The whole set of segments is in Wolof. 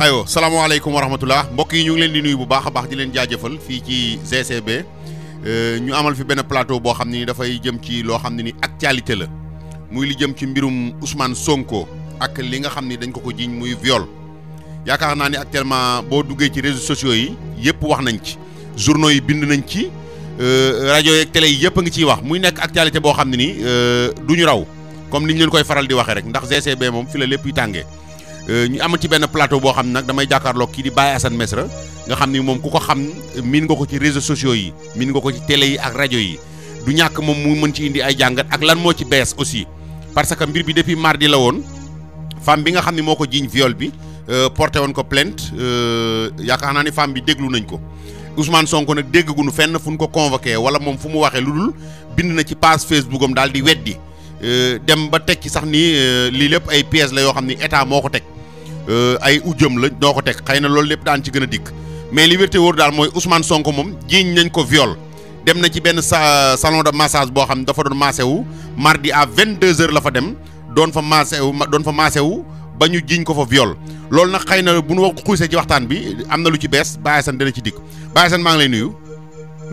ayo salaamaaleykum wa rahmatullah mbokk yi ñu leen di nuyu bu baax a baax di leen jaajëfal fii ci GCB euh, ñu amal fi benn plateau boo xam ne ni dafay jëm ci loo xam ne ni actualité la muy li jëm ci mbirum Ousmane Sonko ak li nga xam ni dañ ko ko jiiñ muy viol yaakaar naa ni actuellement boo duggee ci réseaux sociaux yi yëpp wax nañ ci journaux yi bind nañ ci euh, rajo yeeg télé yi yëpp a ngi ciy wax muy nekk actualité boo xam ne ni euh, du ñu raw comme niñ leen koy faral di waxee rek ndax GCB moom fi lépp yu tàngee Euh, ñu am ci benn plateau boo xam ne nag damay jàkkaarloo kii di Baye Assane Mesra nga xam ni moom ku ko xam miin nga ko ci réseaux sociaux yi miin nga ko ci télé yi ak rajo yi du ñàkk moom mu mën ci indi ay jàngat ak lan moo ci bees aussi parce que mbir bi depuis mardi la woon femme bi nga xam ne moo ko jiiñ viol bi euh, porté woon ko plainte euh, yaakaar naa ni femme bi déglu nañ ko Ousmane sonk nag déggaguñu fenn fu ñu ko convoqué wala moom fu mu waxee lu dul bind na ci page Facebook am daal di weddi dem ba teg ci sax ni lii lépp ay la yoo xam ni état moo ko teg. Euh, ay ujjëm la ñoo ko teg xëy na loolu lépp daan ci gën a dikk mais liberté wóor daal mooy Ousmane sonk moom jiiñ nañ ko viol dem na ci benn sa salon de massage boo xam dafa doon massé wu mardi à 22h la fa dem doon fa massé wu doon fa massé wu ba ñu jiiñ ko fa viol loolu nag xëy na bu nu wax xuusee ci waxtaan bi am na lu ci bees Baye de dana ci dikk Baye Assane maa ngi lay nuyu.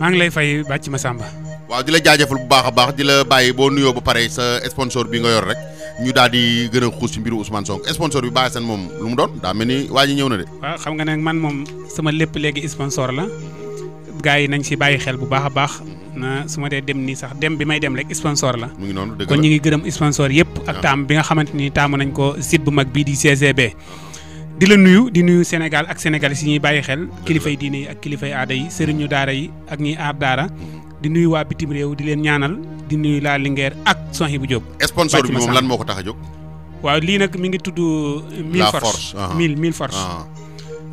maa ngi lay fay bàcc ma Samba. waaw di la jaajëfal bu baax a baax di la bàyyi boo nuyoo ba pare sa sponsor bi nga yor rek ñu daal di gën a xuus ci mbiru Ousmane Sonko sponsor bi Baye Assane moom lu mu doon daa mel ni waa ji ñëw na de. waaw xam nga ne man moom sama lépp léegi sponsor la gaa yi nañ si bàyyi xel bu baax a baax na su ma dee dem nii sax dem bi may dem rek sponsor la. mu ngi noonu dëgg kon ñu ngi gërëm sponsor yëpp. ak taam bi nga xamante ni taamu nañ ko sit bu mag bii di CGB. di la nuyu di nuyu Sénégal ak Sénégal si ñuy bàyyi xel kilifay diine yi ak kilifay aada yi sëriñu daara yi ak ñiy aar daara di nuyu waa bitim réew di leen ñaanal di nuyu laa Linguère ak Sohibou Diop. sponsor bi moom lan moo ko tax a jóg. waaw lii nag mi ngi tudd. Euh, mille force ah. mille mille force. Ah.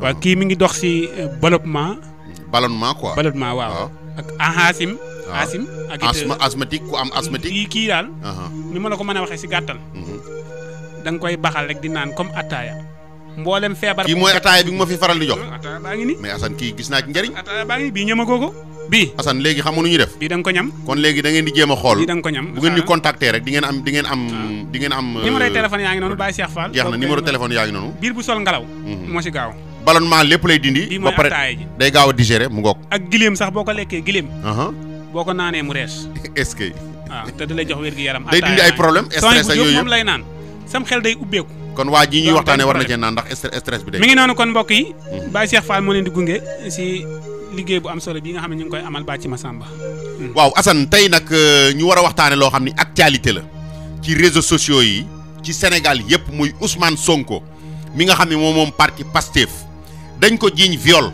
waaw kii mi ngi dox si euh, ballonnement. ballonnement quoi ballonnement waaw. Ah. ak ahasim. asim ak euh, asthme asthmatique ku am asthmatique. kii kii daal. ni ma la ko mën a waxee si gàttal. Mhm. da koy baxal di naan comme attaaya. mboolem feebar. kii mooy ataaya bi ma fi faral di jox. ataaya baa kii gis naa ci njëriñ. bii ñëma ko bii Assane léegi xam nga nu ñuy def. bii da ko ñam. kon léegi da ngeen di jéem a xool. bii da nga ko am di ngeen am. di ngeen euh, jeex na numéro téléphone yaa ngi noonu. biir bu sol ngelaw. Mhm. moo si gaaw. ballonnement lépp lay dindi. ba pare day gaaw a digérer mu ngoog. ak gileem sax boo ko lekkee gileem. boo ko naanee mu rees. est ah, te da jox wér-gi-yaram. day dindi ay problème stress ak yooyu yëpp moom lay sam xel day ubbeeku kon waa ji ñuy waxtaanee war na cee naan ndax stress bi day mi ngi noonu kon mbokk yi mhm. Baye Cheikh Fall moo leen di gunge si liggéey bu am solo bi nga xam ne ñu ngi koy amal baa ci Bathie Massamba mhm. waaw Assane tey nag euh, ñu war a waxtaane loo xam ni actualité la ci réseau sociaux yi ci Sénégal yëpp muy Ousmane Sonko mi nga xam ne moom moom parti Pastef dañ ko jiiñ viol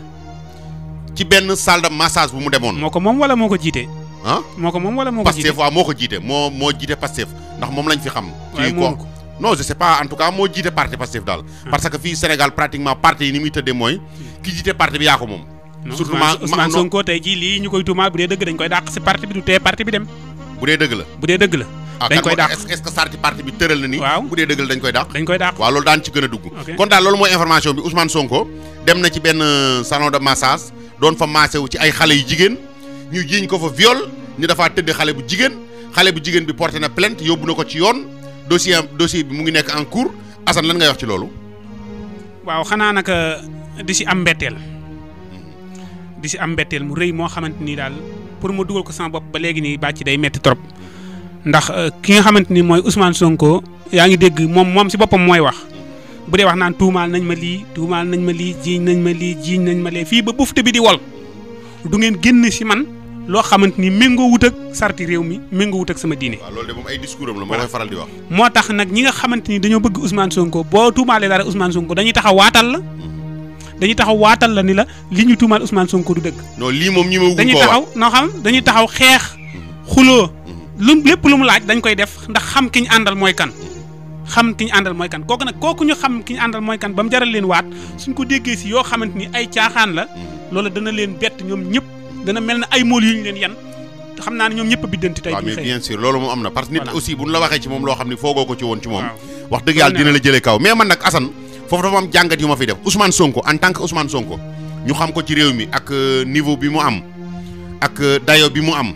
ci benn salle de massage bu mu demoon moo ko moom wala moo ko jiite ah moo ko moom wala moo ko jiite Pastef moo ko jiite moo moo jiite Pastef ndax moom lañ fi xam ci ko non je sais pas en tout cas moo jiite parti Pastef daal. Hmm. parce que fii Sénégal pratiquement parti yi ni muy tëddee mooy. Hmm. ki jiite parti bi yaa ko moom. surtout ma Ousmane Sonko tey jii lii ñu koy tuuma bu dee dëgg dañ koy dàq si parti bi du tee parti bi dem. bu dee dëgg la dañ koy dàq est loolu daan ci gën a dugg. kon daal loolu mooy information bi Ousmane Sonko dem na ci benn euh, salon de massage doon fa massé ci ay xale yu jigéen ñu jiiñ ko fa viol ñu dafaa xale bu jigéen xale bu jigéen bi porté na plainte yóbbu ko yoon dossier am bi mu ngi nekk en cours Assane lan ngay wax ci loolu. waaw xanaa naka euh, di si am mbetteel. Mm-hmm. di si am mbetteel mu rëy moo xamante nii daal pour ma dugal ko sama bopp ba léegi nii bàcc day metti trop. ndax euh, ki nga xamante ni mooy Ousmane Sonko yaa ngi dégg moom moom si boppam mooy wax bu dee wax naan tuumaal nañ ma lii tuumaal nañ ma lii jiiñ nañ ma lii jiiñ nañ ma lee fii ba bufte bi di wol du ngeen génn si man. loo xamante ni méngoo wut ak sarti réew mi méngoo wut ak sama diine. waaw ay discours am la moo koy faral di moo tax nag ñi nga xamante ni dañoo bëgg Ousmane Sonko boo tuumaalee dara Ousmane Sonko dañuy taxaw waatal la. Mm-hmm. dañuy taxaw waatal la ni la li ñu tuumaal Ousmane Sonko du dëgg. non lii moom ñi ma dañuy taxaw noo xam dañuy taxaw xeex. Mm-hmm. xuloo mm-hmm. lu lépp lu mu laaj dañ koy def ndax xam ki ñu àndal mooy kan. xam ki ñu àndal mooy kan kooku nag kooku ñu xam ki ñu àndal mooy kan ba mu jaral leen waat suñ ko déggee si yoo xamante ni ay caaxaan la loolu dana leen bett ñoom ñëpp dana mel ne ay mool yu ñu leen yan xam naa ne ñoom ñëpp a biddanti tey. waaw mais bien loolu moom am na parce que nit aussi bu ñu la waxee ci moom loo xam ni foogoo ko ci woon ci moom wax dëgg yàlla dina la jëlee kaw mais man nag Assane foofu dafa am jàngat yu ma fiy def Ousmane Sonko en tant que Ousmane Sonko ñu xam ko ci réew mi ak euh, niveau bi mu am ak euh, dayo bi mu am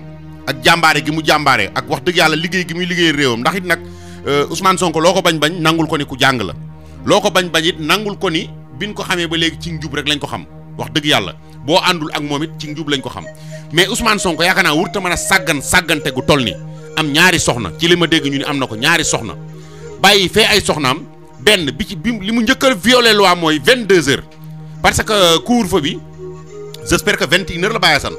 ak jàmbaare gi mu jàmbaare ak wax dëgg yàlla liggéey gi muy liggéey réewam ndax it nag euh, Ousmane Sonko loo ko bañ bañ nangul ko ni ku jàng la loo ko bañ bañ it nangul ko ni biñ ko xamee ba léegi ci njub rek lañ ko xam wax dëgg yàlla boo àndul ak moom it ci njub lañ ko xam mais Ousmane Sonko yaakaar naa wurta mën a sàggan sàggante gu toll nii am ñaari soxna ci li ma dégg ñu ni am na ko ñaari soxna bàyyi fee ay soxnaam benn bi ci bi li mu njëkkal a violé loi mooy 22 heures parce que couvre-feu bi j'espère que vingt heures la bàyyi san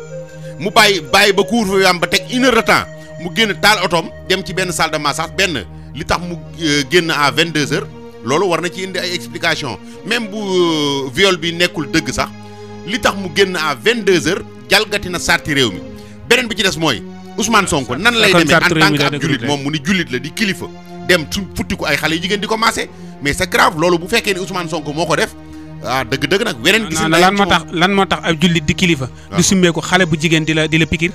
mu bàyyi bàyyi ba couvre-feu bi am ba teg une heure de temps mu génn taal otoom dem ci benn salle de massage benn li tax mu euh, génn à 22 heures loolu war na ci indi ay explication même bu euh, viol bi nekkul dëgg sax li tax mu génn à 22h jalgati na sarti réew mi beneen bi ci des mooy Ousmane Sonko nan lay demee en tant que ab jullit moom mu ni jullit la di kilifa dem su futti ko ay xale yu jigéen di commencé mais sa grave loolu bu fekkee ni Ousmane Sonko moo ko def ah dëgg-dëgg nag. weneen gis na lan moo tax lan moo tax ab jullit di kilifa. Ah. du summeeku xale bu jigéen di la di la pikir.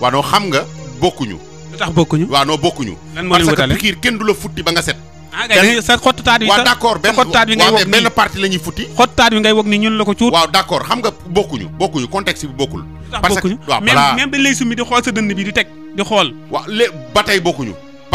waaw non xam nga bokkuñu. lu tax bokkuñu. waaw non bokkuñu. lan moo parce que pikir kenn du ba nga set. ah kay sa xottu taat bi sax waaw d'accord benn xottu taat bi ngay wog benn partie la ñuy futti xottu taat ngay wog ni ñun la ko cuut waaw d'accord xam nga bokkuñu bokkuñu contexte bi bokkul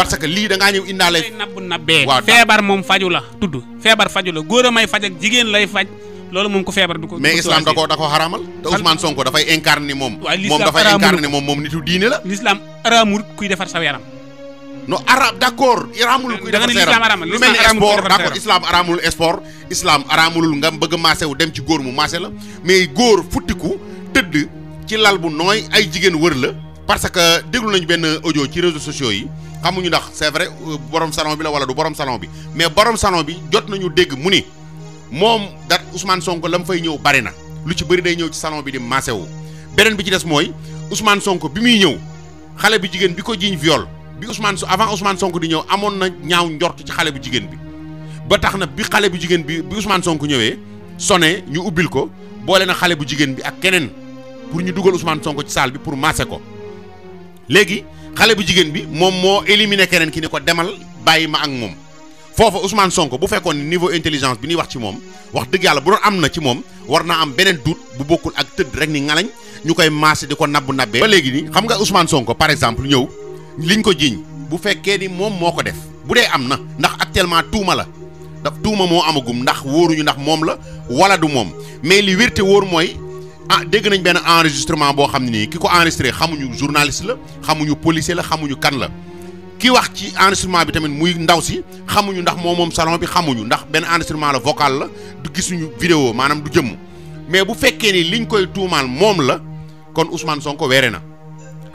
parce que lii da ngaa ñëw indaale nabb nabbee feebar moom faju la tudd feebar faju la góor a may faj ak jigéen lay faj loolu moom ko feebar du ko mais islam da ko da te Ousmane Sonko dafay incarne ni moom moom dafay incarne ni moom moom nitu diine la l'islam araamul kuy defar sa non arab d' accord araamul kuy defar seeram lu mel ni sport d' islaam islam araamul sport islam araamul nga bëgg a wu dem ci góor mu maase la mais góor futtiku tëdd ci lal bu nooy ay jigéen wër la parce que déglu nañu benn audio ci réseaux sociaux yi xamuñu ndax c' est vrai euh, borom salon bi la wala du borom salon bi mais borom salon bi jot nañu dégg mu ni moom da Ousmane sonk la mu fay ñëw bari na lu ci bëri day ñëw ci salon bi di maase wu beneen bi ci des mooy Ousmane Sonko bi muy ñëw xale bi jigéen bi ko jiiñ viol bi Ousmane su avant Ousmane Sonko di ñëw amoon na ñaaw njort ci xale bu jigéen bi ba tax na bi xale bu jigéen bi bi Sonko ñëwee sone ñu ubbil ko boole na xale bu jigéen bi ak keneen pour ñu dugal Ousmane Sonko ci salle bi pour masser ko léegi xale bu jigéen bi moom moo éliminé keneen ki ni ko demal bàyyi ma ak moom foofa Ousmane Sonko bu fekkoon ni niveau intelligence bi ñuy wax ci moom wax dëgg yàlla bu doon am na ci moom war na am beneen doute bu bokkul ak tëdd rek ni ngalañ ñu koy masser di ko nabbu nabbee ba léegi ni xam nga Ousmane Sonko par exemple ñëw liñ ko jiiñ bu fekkee ni moom moo ko def bu dee am na ndax actuellement tuuma la daf tuuma moo amagum ndax wóoruñu ndax moom la wala du moom mais li wérte wóor mooy ah dégg nañ benn enregistrement boo xam ne nii ki ko enregistré xamuñu journaliste la xamuñu policier la xamuñu kan la ki wax ci enregistrement bi tamit muy ndaw si xamuñu ndax moo moom salon bi xamuñu ndax benn enregistrement la vocal la du gisuñu vidéo maanaam du jëmm mais bu fekkee ni liñ koy tuumaal moom la kon Ousmane Sonko weere na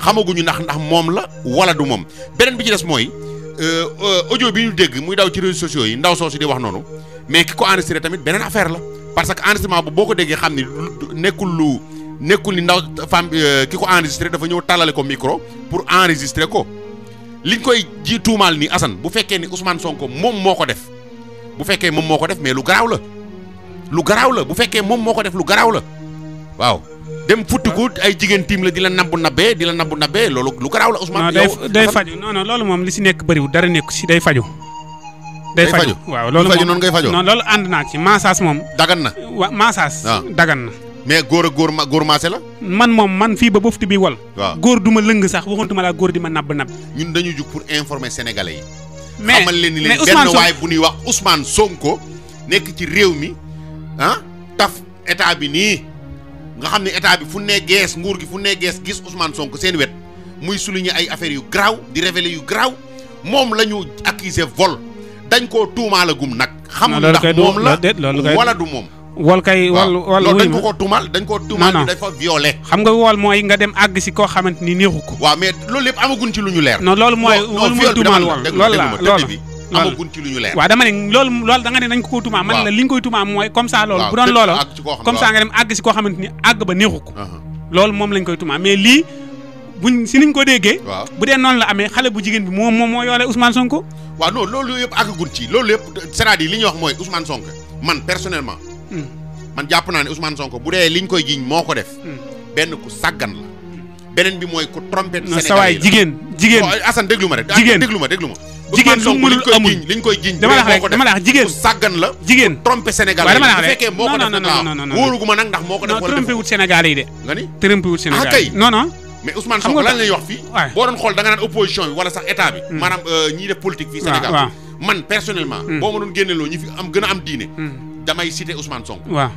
xamaguñu ndax ndax moom la wala du moom beneen bi ci des mooy euh, euh, audio bi ñu dégg muy daw ci réseaux sociaux yi ndaw si di wax noonu mais ki ko enregistré tamit beneen affaire la parce que enregistrement bu boo ko déggee xam nekkul lu nekkul ni ndaw femme euh, ki ko enregistré dafa ñëw tàllale ko micro pour enregistrer ko li liñ koy ji tuumaal ni Assane bu fekkee ni Ousmane Sonko moom moo ko def bu fekkee moom moo ko def mais lu garaaw la lu garaaw la bu fekkee moom moo ko def lu garaaw la waaw dem ko ay jigéen tiim la di la nabbu nabbee di la nabbu nabbee loolu lu garaaw la Ousmane. yow non loolu moom li si nekk bëriwul dara nekk si day faju day faju waaw loolu faju noonu ngay fajoo non loolu ànd naa ci moom. dagan na wa massage. Ah. dagan na. mais góor góor ma góor maase la. man moom man fii ba bofti bi wal. waaw góor du ma lëng sax waxantuma laa góor di ma nabb nabb. ñun dañu jug pour informer sénégalais yi. mais xamal leen ni leen benn waay bu ñuy wax Ousmane nekk ci réew mi ah taf état bi nii. nga xam ne état bi fu nee gees nguur gi fu ne gees gis Ousmane Sonko seen wet muy souligner ay affaires yu garaaw di révéler yu garaaw moom la ñu accuser vol dañ koo tuumaalagum nag. xamul ndax moom la wala du moom. wol kay wol wol wuy dañ ko ko tuumal dañ ko tuumal dafa violé xam nga wol mooy nga dem àgg si koo xamante ni néexu ko waaw mais loolu lépp amagun ci lu ñu leer non loolu mooy loolu mooy tuumal wol loolu la loolu amagun ci lu ñu leer waaw dama ne loolu loolu da nga nañ ko koy man la li koy tumaa mooy comme ça loolu bu doon loolu comme ça nga dem àgg si koo xamante ni àgg ba neexu ko loolu moom lañ koy tumaa mais lii buñ si niñ ko déggee bu dee noonu la amee xale bu jigéen bi moom moom moo yoolee Ousmane Sonko waaw non loolu yëpp àggagun ci loolu yëpp cest à li ñuy wax mooy Ousmane Sonko man personnellement hmm. man jàpp naa ne Ousmane Sonko bu dee liñ koy jiñ moo ko def hmm. benn ku sàggan la hmm. beneen bi mooy ku trompé Sénégal yi la sawaay jigéen jigéen Assane déglu ma rek jigéen déglu ma déglu ma jigéen lu mënul amul liñ koy jiñ dama la wax dama la wax jigéen sàggan la jigéen trompé Sénégal dama la wax fekkee moo ko def wóoruguma nag ndax moo ko def wala trompé Sénégal yi de nga ni trompé wut Sénégal ah, kay non non mais Ousmane Sonko lan lay wax fii boo doon xool da nga naan opposition bi wala sax état bi hmm. maanaam euh, ñii def politique fii Sénégal man personnellement hmm. boo ma doon loo ñi fi am gën a am diine hmm. damay cité Ousmane Sonko waaw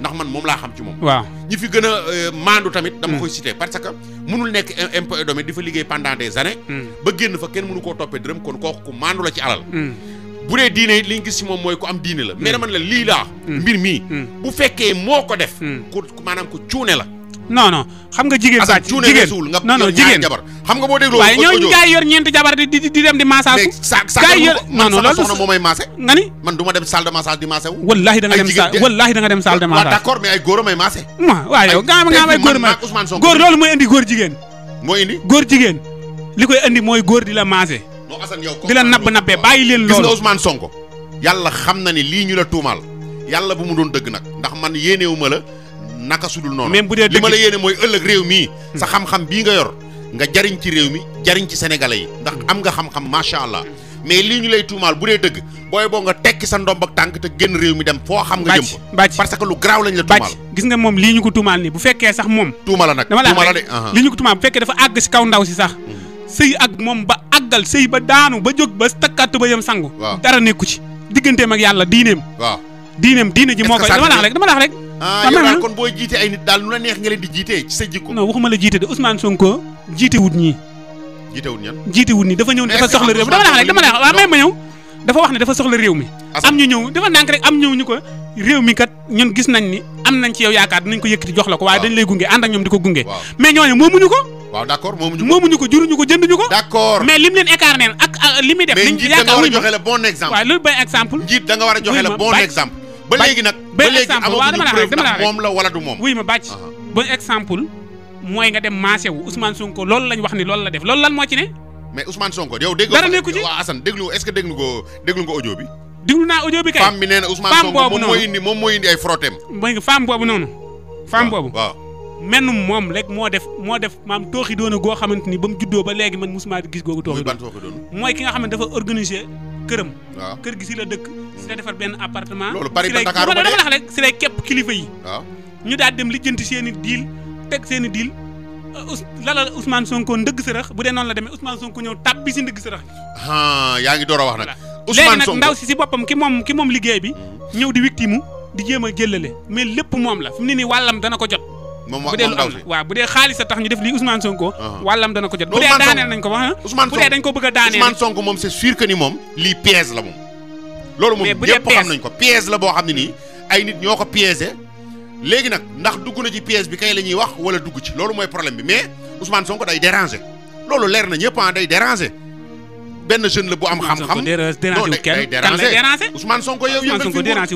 ndax man moom laa xam ci moom. waaw ñi fi gën a euh, maandu tamit. dama hmm. koy cité parce que munul nekk impôt et domaine di fa liggéey pendant des hmm. ba génn fa kenn mënu koo toppee dërëm kon kooku ku maandu la ci alal. Hmm. bu dee diine li ñu gis si moom mooy ku am diine la. mais dama ne la lii laa. mbir mii. bu fekkee moo ko def. ku maanaam ku cuune la. non non xam nga jigéen sax jigéen non non jigéen xam nga boo dégloo waaye ñooñu gars yi yor ñeenti jabar di dem di massage su yor non loolu moo may massé nga man du ma dem salle de massage di massé wu wallaahi da nga dem salle wallaahi da nga ay góor may massé waaw waaw yow nga nga góor ma góor loolu mooy indi góor jigéen moo indi góor jigéen li koy indi mooy góor di la massé di la nabb nabbee bàyyi leen loolu gis nga Ousmane Sonko yàlla xam na ni lii ñu la tuumaal yàlla bu mu doon dëgg nag ndax man yéenewuma la naka sudul noonu même bu dee li ma mooy ëllëg réew mii hmm. sa xam nga yor nga jariñ ci réew mi jariñ ci sénégalais yi hmm. ndax am nga xam macha allah mais lii ñu lay tuumaal bu dee dëgg booy boo nga tekki sa ndomb ak tànk te génn réew mi dem foo xam nga jëm parce que lu garaaw lañ la tuumaal gis nga moom lii ñu ko tuumaal nii bu fekkee sax moom tuumala nag dama la de uh-huh. lii ñu ko fekkee dafa àgg si kaw ndaw si sax hmm. sëy ak moom ba àggal sëy ba daanu ba jóg ba takkaatu ba yem sangu dara nekku ci digganteem ak yàlla diineem waaw diineem diine ji moo koy dama laax rek dama laax rek ah may ma ñëw dafa wax ne dafa soxla réew mi am ñu ñëw dafa nànk rek am ñëw ñu ko réew mi kat ñun gis nañ ni am nañ ci yow yaakaar dinañ ko yëkkati jox la ko waaye dañ lay gunge ànd ak ñoom di ko gunge mais ñooñu moomuñu ko moomuñu ko juruñu ko jënduñu ko mais lim leen écart neen ak li muy def mais njiit da nga war a joxe le bon exemple njiit da war a joxe le bon exemple ba léegi nag ba léegi amaguñu moom la wala du moom oui ma bàcc ba exemple mooy nga dem marché wu Ousmane Sonko loolu lañ wax ni loolu la def loolu lan moo ci ne mais Ousmane Sonko yow dégg dara nekku ci waaw Assane déglu est-ce que déglu ko déglu nga moom mooy indi moom mooy indi boobu noonu femme boobu mennum moom lekk moo def moo def maam tooxi doona goo xamante ni ba mu juddoo ba léegi man musuma gis googu tooxi doon mooy ki nga xam ne dafa organiser këram. kër gi si la dëkk. si la defar benn appartement. loolu bari ba Dakar ba dee rek si lay képp kilifa yi. waaw ñu daal dem lijjanti seen i diil teg seen i diil euh, lala Ousmane Sonko ndëgg sërëx bu dee noonu la demee Ousmane Sonko ñëw tàbbi si ndëgg sërëx. yaa ngi door a wax nag. Ousmane Sonko léegi nag ndaw si si boppam ki moom ki moom liggéey bi hmm. ñëw di victime di jéem a jëllale mais lépp moom la fi mu ne nii wàllam ko jot moom bu dee lu am waaw bu dee xaalis a tax ñu def lii Ousmane Sonko ah, ah. wàllam dana ko jot bu dee daaneel nañ ko wax ah. bu dee dañ ko bëgg a daaneel Ousmane Sonko moom c'est sûr que ni moom lii piège la moom loolu moom ñëpp xam nañ ko piège la boo xam ne nii ay nit ñoo ko piégé léegi nag ndax dugg na ci piège bi kay la ñuy wax wala dugg ci loolu mooy problème bi mais son ko day déranger loolu leer na ñëpp day déranger benn jeune la bu am xam-xam. non day déranger Ousmane Sonko yow yëngal fi mu a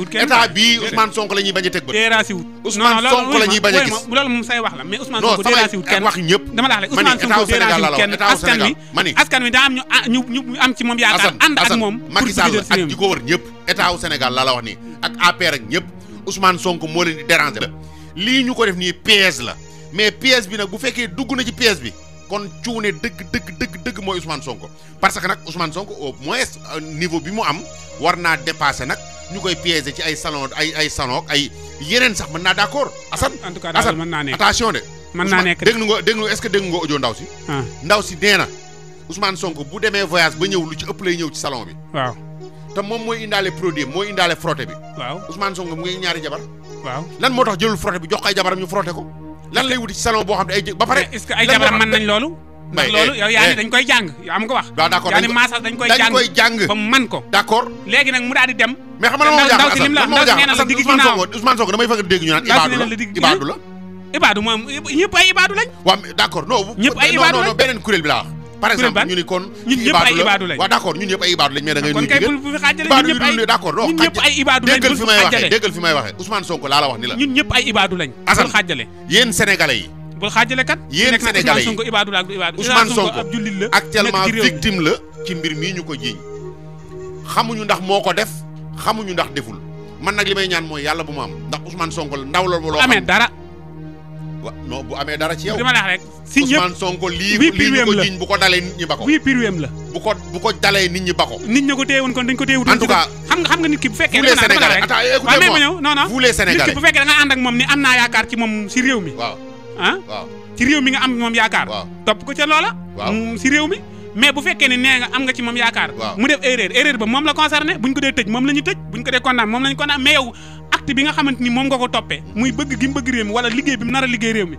teg bët. déranger wut Ousmane Sonko la ñuy bañ loolu moom say wax la mais Ousmane Sonko la wax Ousmane Sonko déranger wut kenn askan daa am ah, ñu am ci moom yaakaar ànd ak moom Macky ak di ko wër ñëpp état la la wax nii ak APR ak ñëpp Ousmane Sonko moo leen di déranger lii ñu ko def nii piège la mais piège bi nag bu fekkee dugg na ci piège bi kon cuune dëgg dëgg dëgg dëgg mooy Ousmane Sonko parce que nag Ousmane Sonko au moins euh, niveau bi mu am war naa dépassé nag ñu koy piéger ci ay salon ay ay salon ay yeneen sax mën naa d'accord. Assane en tout cas daal naa nekk attention de. mën naa nekk dégg nga dégg nga est-ce que dégg nga audio ndaw si. Ah. ndaw si nee na Ousmane Sonko bu demee voyage ba ñëw lu ci ëpp lay ñëw ci salon bi. waaw te moom mooy indaale produit mooy indaale frotté bi. waaw Ousmane Sonko mu ngi ñaari jabar. waaw lan moo tax jëlul frotté lan lay wuti ci salon boo xam ne ay ba pare est-ce nañ loolu ndax loolu eh, eh. dañ koy jàng yow am nga wax waaw d'accord yaa dañ koy jàng ba mu man ko d'accord léegi nag mu daal dem mais xam nga lan si lim la ndaw si na la digg Ousmane Sonko Ousmane Sonko damay fekk dégg ñu naan ibaadu la ibaadu moom ñëpp ay ibaadu lañ waaw d'accord non ñëpp ay ibaadu lañ beneen kuréel bi par exemple ñu ni kon ñun ñëpp ay ibaadu lañ waaw d'accord ñun ñëpp ay ibaadu lañ mais da ngay nuyu jigéen bu fi xaajale ñun ñëpp déggal fi may waxee déggal Sonko laa la wax ni la ñun ñëpp ay ibaadu lañ bul xaajale yéen yi bul xaajale kat yéen sénégalais yi Ousmane Sonko ibaadu la ak du ibaadu Ousmane Sonko ab jullit la actuellement victime la ci mbir mii ñu ko jiiñ xamuñu ndax moo ko def xamuñu ndax deful man nag li may ñaan mooy yàlla bu mu am ndax Ousmane Sonko ndaw la loo xam dara wa non bu amee dara ci yow. li ma la rek si ñëpp bu ko dalee nit la. bu ko dalee nit ñi ba nit ñi ko téyewoon kon dañ ko xam nga xam nga nit ki bu fekkee. vous les moom ni am naa yaakaar ci moom si réew mi. waaw ah? ci réew mi nga am moom yaakaar. topp ko ca loola. Mm, si réew mi. mais bu fekkee ne nee nga am nga ci moom yaakaar mu def erreur erreur ba moom la concerné buñ ko dee tëj moom la ñu tëj buñ ko dee condamné moom la ñu condamné mais acte bi nga xamante ni moom nga ko toppee muy bëgg gi mu bëgg réew mi wala liggéey bi mu nar liggéey réew mi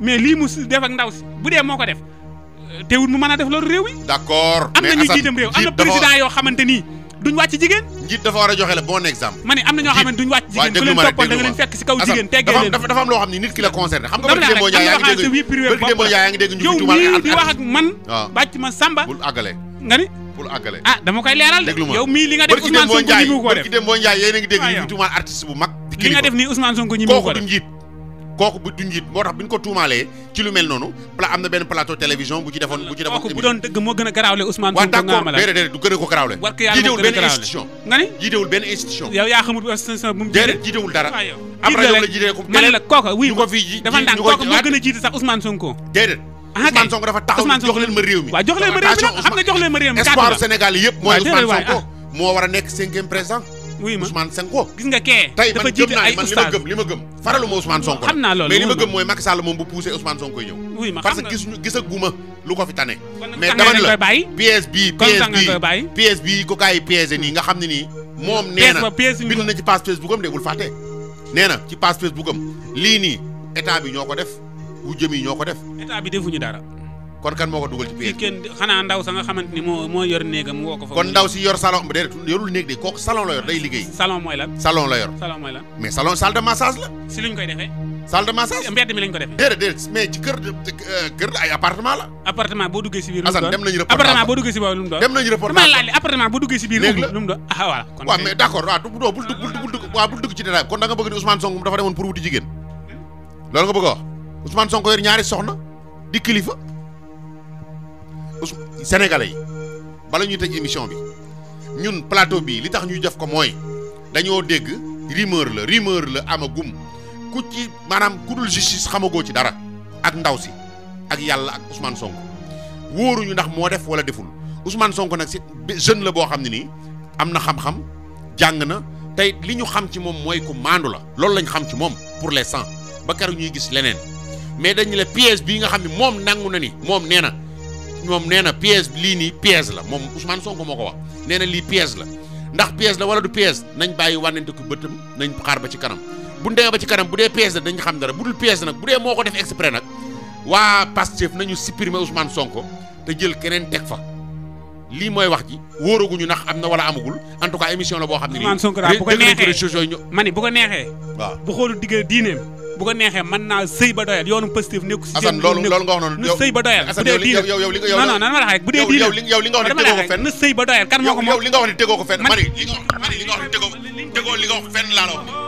mais lii mu def ndaw bu dee moo ko def teewul mu mën a def am na ni duñ wàcc jigéen. njiit a joxe la bon exemple. ma ne ñoo xam duñ wàcc jigéen ku leen toppoon da leen fekk si kaw jigéen teggee leen dafa am loo xam ne nit ki la xam nga bari démboo jaay yaa ngi dégg bari démboo jaay yaa di wax man bàcc ma samba bul àggale nga ni pour àggale. ah dama koy leeral de. mii li nga def Ousmane Sonko ko def kooku du njiit moo tax bi ko tuumaalee ci lu mel noonu plateau télévision bu ci defoon bu ci defoon kooku bu doon dëgg moo gën a garaawle Ousmane Sonko nga amala waaw d'accord du gën a ko garaawle jiitewul benn institution nga ni jiitewul benn institution yow yaa xamul institution bu mu déedéet jiitewul dara man la kooku oui dafa ndànk kooku moo gën a sax Ousmane Sonko déedéet Ah, Ousmane Sonko dafa taxaw jox leen ma réew mi waaw jox leen ma réew mi nag xam nga jox leen ma mooy Ousmane Sonko moo war a nekk cinquième président oui ma gis nga kee dafa jiite ay oustaz tey man gëm naa li ma gëm li ma gëm faralu ma Ousmane Sonko xam naa li ma gëm mooy Macky Sall moom bu poussé Ousmane Sonko ñëw oui ma gis gis guma lu ko fi tane mais dama la pièce bii pièce bii ko gars yi nii nga xam ne nii moom nee na na ci page Facebook am de bul fàtte nee bi ñoo ko def wu jëm yi ñoo ko def. kon kan moo ko dugal ci piège bi kenn sa moo moo yor néegam woo kon ndaw si yor salon ba déedéet yorul néeg de kooku salon la yor day liggéey. salon mooy lan salon la yor. salon salon salle de massage la. si luñ koy defee. salle de massage mbedd mi ko defee. déedéet déedéet mais ci kër euh, kër ay appartement la. appartement boo duggee si biir. lu mu dem nañu reportage appartement boo duggee boo duggee si biir. léegi la lu mu doon ah voilà. kon bul dugg bul dugg waaw bul Ousmane Sonko yor ñaari soxna di kilifa sénégalais yi bala ñuy tëj émission bi ñun plateau bii li tax ñu def ko mooy dañoo dégg rumeur la rumeur la amagum ku ci maanaam ku dul justice xamagoo ci dara ak ndaw si ak yàlla ak Ousmane Sonko wóoruñu ndax moo def wala deful Ousmane Sonko nag si jeune la boo xam ne nii am na xam-xam jàng na tey li ñu xam ci moom mooy ku maandu la loolu lañ xam ci moom pour les sans ba keroog ñuy gis leneen. mais dañu la pièce bii nga xam ne moom nangu na ni moom nee na moom nee na pièce lii nii pièce la moom Ousmane Sonko moo ko wax nee lii pièce la ndax pièce la wala du pièce nañ bàyyi wànnante ko bëtam nañ xaar ba ci kanam bu demee ba ci kanam bu dee pièce la dañ xam dara bu dul pièce na nag bu dee moo ko def exprès nag waa Pastef nañu supprimer Ousmane Sonko te jël keneen teg fa lii mooy wax ji wóoraguñu nax am na wala amagul en tout cas émission la boo xam ne. Ousmane Sonko ko neexee ma ni bu ko bu ko neexee mën naa sëy ba doyal yoonu positif nekku si Assane loolu nga wax noonu sëy ba doyal bu dee diine yow yow li nga yow non diine yow sëy ba doyal kan moo ko moom yow li nga wax ne tegoo